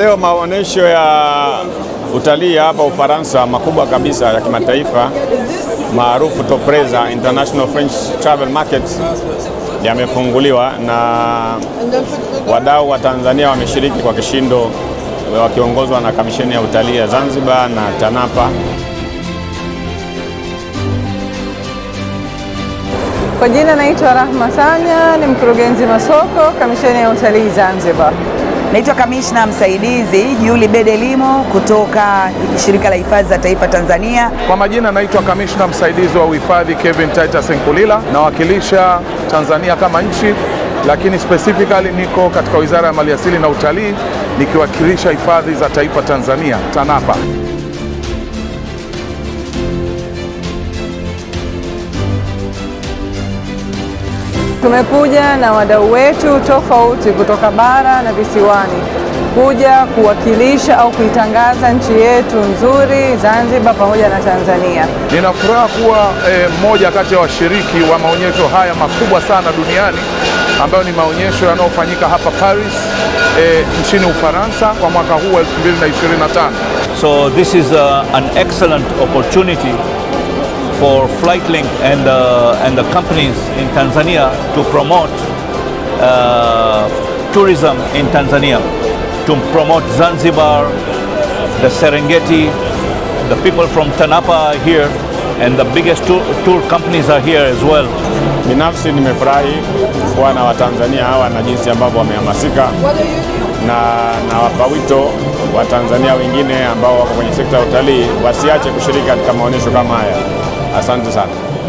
leo maonyesho ya utalii hapa Ufaransa makubwa kabisa ya kimataifa maarufu Topreza International French Travel Market yamefunguliwa na wadau wa Tanzania wameshiriki kwa kishindo wakiongozwa na Kamisheni ya Utalii ya Zanzibar na TANAPA. Kwa jina naitwa Rahma Sanya, ni mkurugenzi masoko Kamisheni ya Utalii Zanzibar. Naitwa kamishna msaidizi Juli Bedelimo kutoka shirika la hifadhi za taifa Tanzania. Kwa majina naitwa kamishna msaidizi wa uhifadhi Kevin Titus Nkulila, nawakilisha Tanzania kama nchi, lakini specifically niko katika wizara ya maliasili na utalii nikiwakilisha hifadhi za taifa Tanzania TANAPA. Tumekuja na wadau wetu tofauti kutoka bara na visiwani kuja kuwakilisha au kuitangaza nchi yetu nzuri Zanzibar pamoja na Tanzania. Nina furaha kuwa eh, mmoja eh, kati ya washiriki wa maonyesho haya makubwa sana duniani ambayo ni maonyesho yanayofanyika hapa Paris e, nchini Ufaransa kwa mwaka huu wa 2025. So this is a, uh, an excellent opportunity for Flightlink and, uh, and the companies in Tanzania to promote uh, tourism in Tanzania, to promote Zanzibar, the Serengeti, the people from Tanapa are here and the biggest tour, tour companies are here as well. Binafsi nimefurahi kuwa na Watanzania hawa na jinsi ambavyo wamehamasika na wapawito wa tanzania wengine ambao wako kwenye sekta ya utalii wasiache kushiriki katika maonyesho kama haya. Asante sana.